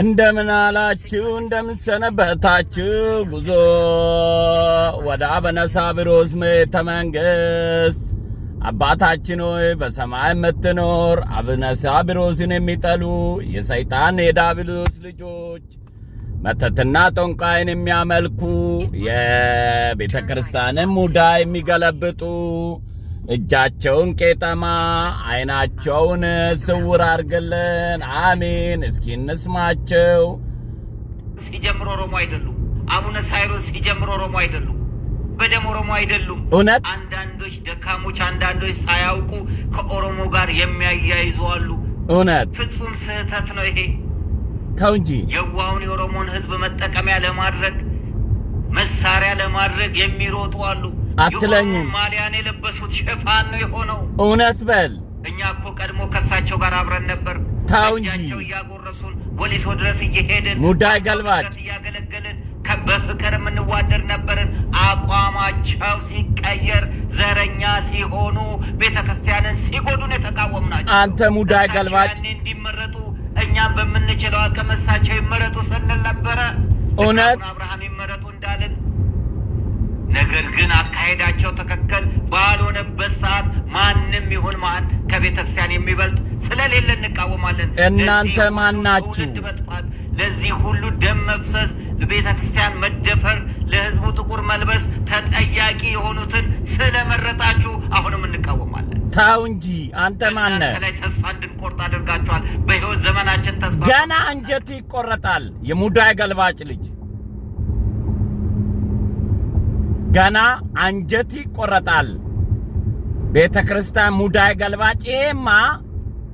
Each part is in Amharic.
እንደምን አላችሁ? እንደምንሰነበታችሁ። ጉዞ ወደ አቡነ ሳዊሮስ ምዕተ አባታችን ሆይ በሰማይ የምትኖር አቡነ የሚጠሉ የሰይጣን የዳብሎስ ልጆች መተትና ጠንቋይን የሚያመልኩ የቤተ ክርስቲያንን ሙዳ የሚገለብጡ እጃቸውን ቄጠማ አይናቸውን ስውር አድርገልን። አሜን። እስኪ እንስማቸው። ሲጀምር ኦሮሞ አይደሉም። አቡነ ሳይሮስ ሲጀምር ኦሮሞ አይደሉም። በደም ኦሮሞ አይደሉም። እውነት አንዳንዶች ደካሞች፣ አንዳንዶች ሳያውቁ ከኦሮሞ ጋር የሚያያይዙ አሉ። እውነት ፍጹም ስህተት ነው ይሄ። ተው እንጂ የዋውን የኦሮሞን ህዝብ መጠቀሚያ ለማድረግ መሳሪያ ለማድረግ የሚሮጡ አሉ። አትለኝም። ማሊያን የለበሱት ሽፋን ነው የሆነው። እውነት በል። እኛ እኮ ቀድሞ ከሳቸው ጋር አብረን ነበር። ታው እንጂ እያጎረሱን ቦሊሶ ድረስ እየሄድን ሙዳይ ገልባጭ እያገለገልን በፍቅር የምንዋደድ ነበርን። አቋማቸው ሲቀየር ዘረኛ ሲሆኑ ቤተ ክርስቲያንን ሲጎዱን የተቃወም ናቸው። አንተ ሙዳይ ገልባጭ እንዲመረጡ እኛም በምንችለው አቅም እሳቸው ይመረጡ ስንል ነበረ። እውነት አብርሃም ይመረጡ እንዳልን ነገር ግን አካሄዳቸው ትክክል ባልሆነበት ሰዓት ማንም ይሁን ማን ከቤተ ክርስቲያን የሚበልጥ ስለሌለ እንቃወማለን። እናንተ ማን ናችሁ? ለዚህ ሁሉ ደም መፍሰስ፣ ቤተክርስቲያን ክርስቲያን መደፈር፣ ለህዝቡ ጥቁር መልበስ ተጠያቂ የሆኑትን ስለመረጣችሁ አሁንም እንቃወማለን። ታው እንጂ አንተ ማነ ላይ ተስፋ እንድንቆርጥ አድርጋችኋል። በህይወት ዘመናችን ተስፋ ገና አንጀት ይቆረጣል። የሙዳይ ገልባጭ ልጅ ገና አንጀት ይቆረጣል። ቤተ ክርስቲያን ሙዳይ ገልባጭ ይሄማ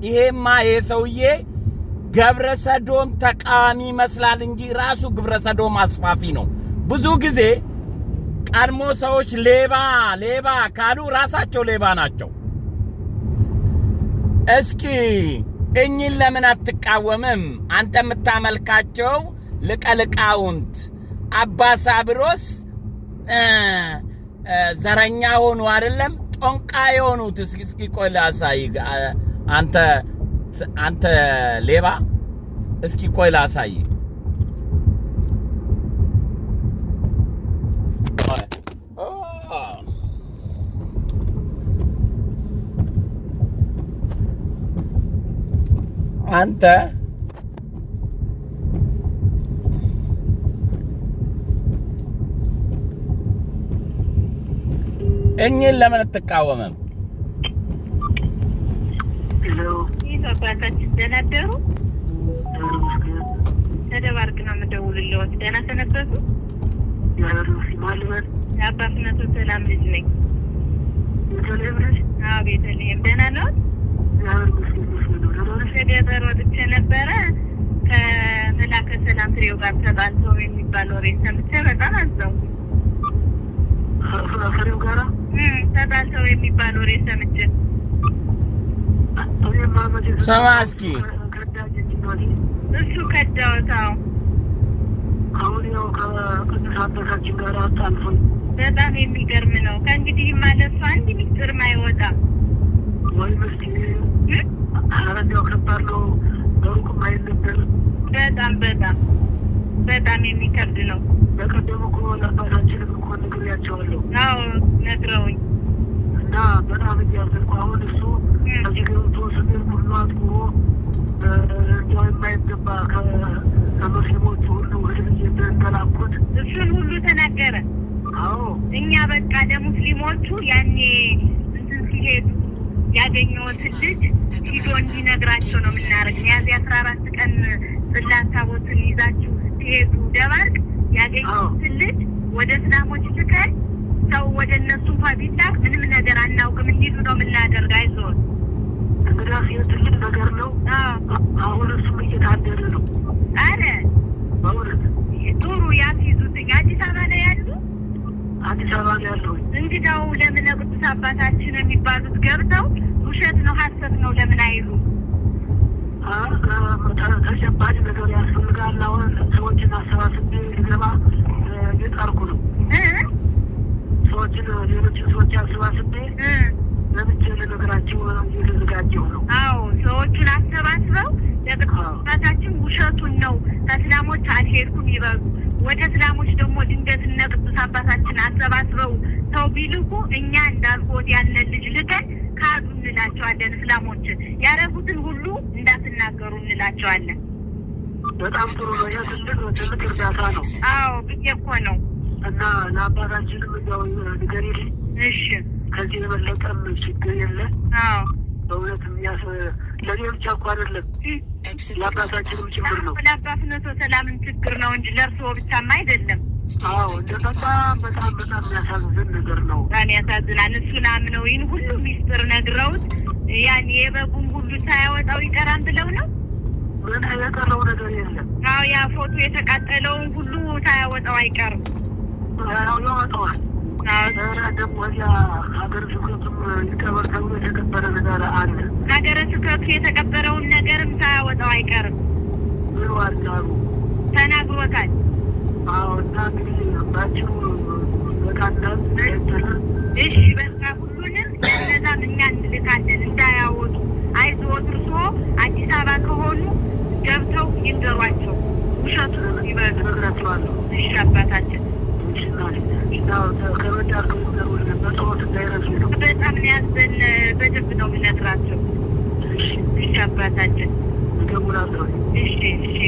ይሄማ ይሄ ሰውዬ ገብረ ሰዶም ተቃዋሚ ይመስላል እንጂ ራሱ ግብረ ሰዶም አስፋፊ ነው። ብዙ ጊዜ ቀድሞ ሰዎች ሌባ ሌባ ካሉ ራሳቸው ሌባ ናቸው። እስኪ እኚህን ለምን አትቃወምም? አንተ የምታመልካቸው ልቀልቃውንት ሊቃውንት አባ ሳብሮስ ዘረኛ ሆኑ አይደለም ጦንቃ የሆኑት። እስኪ እስኪ ቆይ ላሳይ፣ አንተ አንተ ሌባ፣ እስኪ ቆይ ላሳይ። አንተ እኚህን ለምን አትቃወምም? ደሩ። ተደባርቅ ነው የምደውልልዎት። ደህና ሰነበቱ። ሰላም ልጅ ነኝ። ቤተልሔም ደህና ነው። ወጥቼ ነበረ ከመላከ ሰላም ፍሬው ጋር ተጣልተው የሚባል ወሬ ሰምቼ በጣም አዘንኩ። ፍሬው ጋራ ተጣልተው የሚባል ወሬ ሰምቼ ሰማ እስኪ እሱ በጣም የሚገርም ነው። ከእንግዲህ ማለቱ አንድ ሚስጥር ማይወጣ በጣም በጣም በጣም የሚከብድ ነው። በቀደሙ እኮ ለአባታችንም እኮ ነግሬያቸዋለሁ። አዎ ነግረውኝ እና በጣም እያዘንኩ አሁን እሱ ከዚህ ገብቶ ስሜን ሁሉ አጥቁሮ እንዲያው የማይገባ ከሙስሊሞቹ ሁሉ ህዝብ እየተንተላኩት እሱን ሁሉ ተናገረ። አዎ እኛ በቃ ለሙስሊሞቹ ያኔ እንትን ሲሄዱ ያገኘሁትን ልጅ ሂዶ እንዲነግራቸው ነው የምናደርግ ሚያዝያ አስራ አራት ቀን ጽላት ታቦትን ይዛችሁ ሲሄዱ ደባርቅ ያገኙትን ልጅ ወደ ስላሞች ትከል ሰው ወደ እነሱ እንኳ ቢላክ ምንም ነገር አናውቅም እንዲሉ ነው የምናደርግ። አይዞን እንግዲህ ይህ ትልቅ ነገር ነው። አሁን እሱም እየታደረ ነው። አረ በእውነት ጥሩ ያስይዙትኝ። አዲስ አበባ ላይ ያሉ አዲስ አበባ ላይ ያሉ። እንግዳው ለምን ቅዱስ አባታችን የሚባሉት ገብተው ውሸት ነው ሀሰት ነው ለምን አይሉ ተሸባጭ ነገር ያስፈልጋል። አሁን ሰዎችን አሰባስቤ ገባ እየጣርኩ ነው። ሰዎችን ሌሎችን ሰዎች አሰባስቤ ለምቼ ለነገራቸው እየተዘጋጀው ነው። አዎ ሰዎችን አሰባስበው ለቅዱሳታችን ውሸቱን ነው ከእስላሞች አልሄድኩም ይበሉ። ወደ እስላሞች ደግሞ ድንገት እነ ቅዱስ አባታችን አሰባስበው ሰው ቢልኩ እኛ እንዳልኮት ያለን ልጅ ልከን ካዱ እንላቸዋለን። እስላሞችን ያረጉትን እንላቸዋለን። በጣም ጥሩ ነው። ትልቅ እርዳታ ነው። አዎ ብዬ እኮ ነው። እና ለአባታችንም እዚያው ንገሪል። እሺ ከዚህ የበለጠም ችግር የለ። አዎ በእውነት የሚያስ ለእኔ ብቻ እኮ አይደለም ለአባታችንም ችግር ነው። ለአባት ሰላምን ችግር ነው እንጂ ለእርስዎ ብቻም አይደለም። በጣም ያሳዝናል። እሱን አምነው ይህን ሁሉ ሚስጥር ነግረውት ያን የበጉም ሁሉ ሳያወጣው ይቀራም ብለው ነው የቀረው ነገር የለም። አዎ ያ ፎቶ የተቃጠለውን ሁሉ ሳያወጣው አይቀርም። ያው ያወጣዋል። ደግሞ ያ ሀገረ ስብከቱም ይቀበር ስብከቱ የተቀበረውን ነገርም ሳያወጣው አይቀርም ብሏል አሉ ተናግሮታል። አዎ በቃ ይንገሯቸው። ውሸቱ ይመረጥሏሉ። እሺ አባታችን በጣም ያዘን በደንብ ነው የምነግራቸው። እሺ አባታችን እሺ እሺ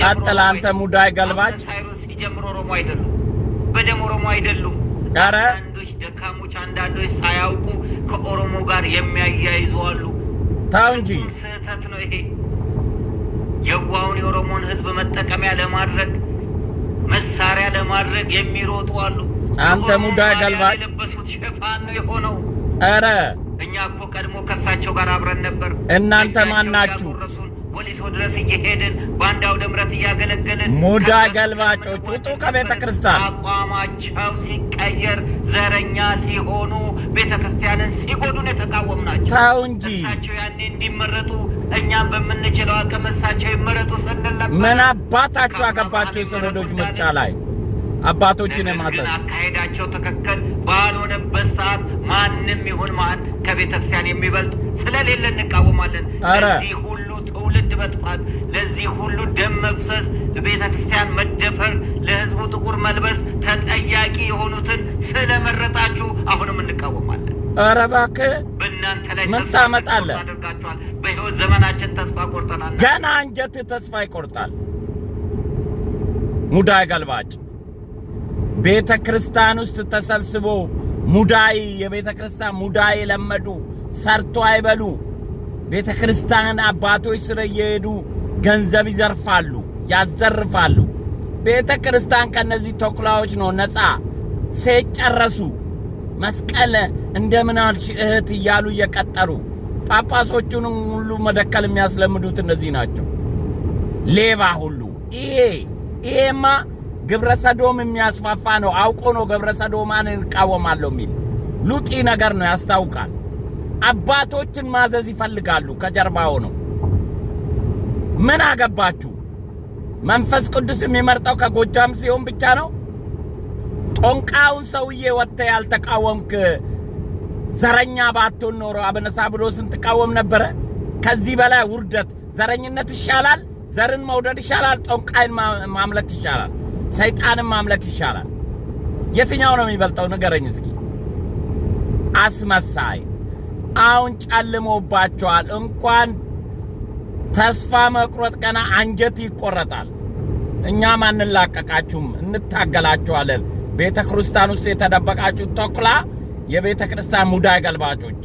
ቀጥል አንተ ሙዳይ ገልባጭ ሳይሮስ ሲጀምር ኦሮሞ አይደሉም፣ በደም ኦሮሞ አይደሉም። አንዳንዶች ደካሞች፣ አንዳንዶች ሳያውቁ ከኦሮሞ ጋር የሚያያይዙ አሉ። ታው እንጂ ስህተት ነው ይሄ። የዋውን የኦሮሞን ህዝብ መጠቀሚያ ለማድረግ መሳሪያ ለማድረግ የሚሮጡ አሉ። አንተ ሙዳ ገልባ የለበሱት ሽፋን ነው የሆነው። ኧረ እኛ እኮ ቀድሞ ከሳቸው ጋር አብረን ነበር። እናንተ ማን ናችሁ? ፖሊሱ ድረስ እየሄድን ባንዳው ደምረት ምሕረት እያገለገልን ሙዳ ገልባጮች ውጡ ከቤተ ክርስቲያን። አቋማቸው ሲቀየር ዘረኛ ሲሆኑ ቤተ ክርስቲያንን ሲጎዱን የተቃወም ናቸው። ተው እንጂ እሳቸው ያኔ እንዲመረጡ እኛም በምንችለው አቅም ይመረጡ ስንል ነበር። ምን አባታቸው አገባቸው ሰነዶች ምርጫ ላይ አባቶችን የማሰብ አካሄዳቸው ትክክል ባልሆነበት ሰዓት ማንም ይሁን ማን ከቤተክርስቲያን የሚበልጥ ስለሌለ እንቃወማለን። እዚህ ሁሉ ትውልድ መጥፋት፣ ለዚህ ሁሉ ደም መፍሰስ፣ ለቤተ ክርስቲያን መደፈር፣ ለህዝቡ ጥቁር መልበስ ተጠያቂ የሆኑትን ስለመረጣችሁ አሁንም እንቃወማለን። ኧረ እባክህ በእናንተ ላይ ምን ታመጣለህ? በህይወት ዘመናችን ተስፋ ቆርጠናል። ገና አንጀትህ ተስፋ ይቆርጣል። ሙዳይ ገልባጭ ቤተ ክርስቲያን ውስጥ ተሰብስቦ ሙዳይ የቤተ ክርስቲያን ሙዳይ የለመዱ ሰርቶ አይበሉ ቤተ ክርስቲያን አባቶች ስር እየሄዱ ገንዘብ ይዘርፋሉ፣ ያዘርፋሉ። ቤተ ክርስቲያን ከነዚህ ተኩላዎች ነው ነፃ ሴት ጨረሱ። መስቀል እንደምን አልሽ እህት እያሉ እየቀጠሩ ጳጳሶቹን ሁሉ መደከል የሚያስለምዱት እነዚህ ናቸው። ሌባ ሁሉ ይሄ ይሄማ ግብረ ሰዶም የሚያስፋፋ ነው። አውቆ ነው ግብረ ሰዶማን እንቃወማለሁ የሚል ሉጢ ነገር ነው፣ ያስታውቃል። አባቶችን ማዘዝ ይፈልጋሉ። ከጀርባ ሆነው ምን አገባችሁ? መንፈስ ቅዱስ የሚመርጠው ከጎጃም ሲሆን ብቻ ነው። ጦንቃውን ሰውዬ ወጥተ ያልተቃወምክ ዘረኛ ባትሆን ኖሮ አበነሳ ብሎ ስንትቃወም ነበረ። ከዚህ በላይ ውርደት ዘረኝነት ይሻላል። ዘርን መውደድ ይሻላል። ጦንቃይን ማምለክ ይሻላል። ሰይጣንን ማምለክ ይሻላል። የትኛው ነው የሚበልጠው? ንገረኝ እስኪ አስመሳይ አሁን ጨልሞባቸዋል። እንኳን ተስፋ መቁረጥ ቀና አንጀት ይቆረጣል። እኛም አንላቀቃችሁም፣ እንታገላችኋለን። ቤተ ክርስቲያን ውስጥ የተደበቃችሁ ተኩላ፣ የቤተ ክርስቲያን ሙዳይ ገልባጮች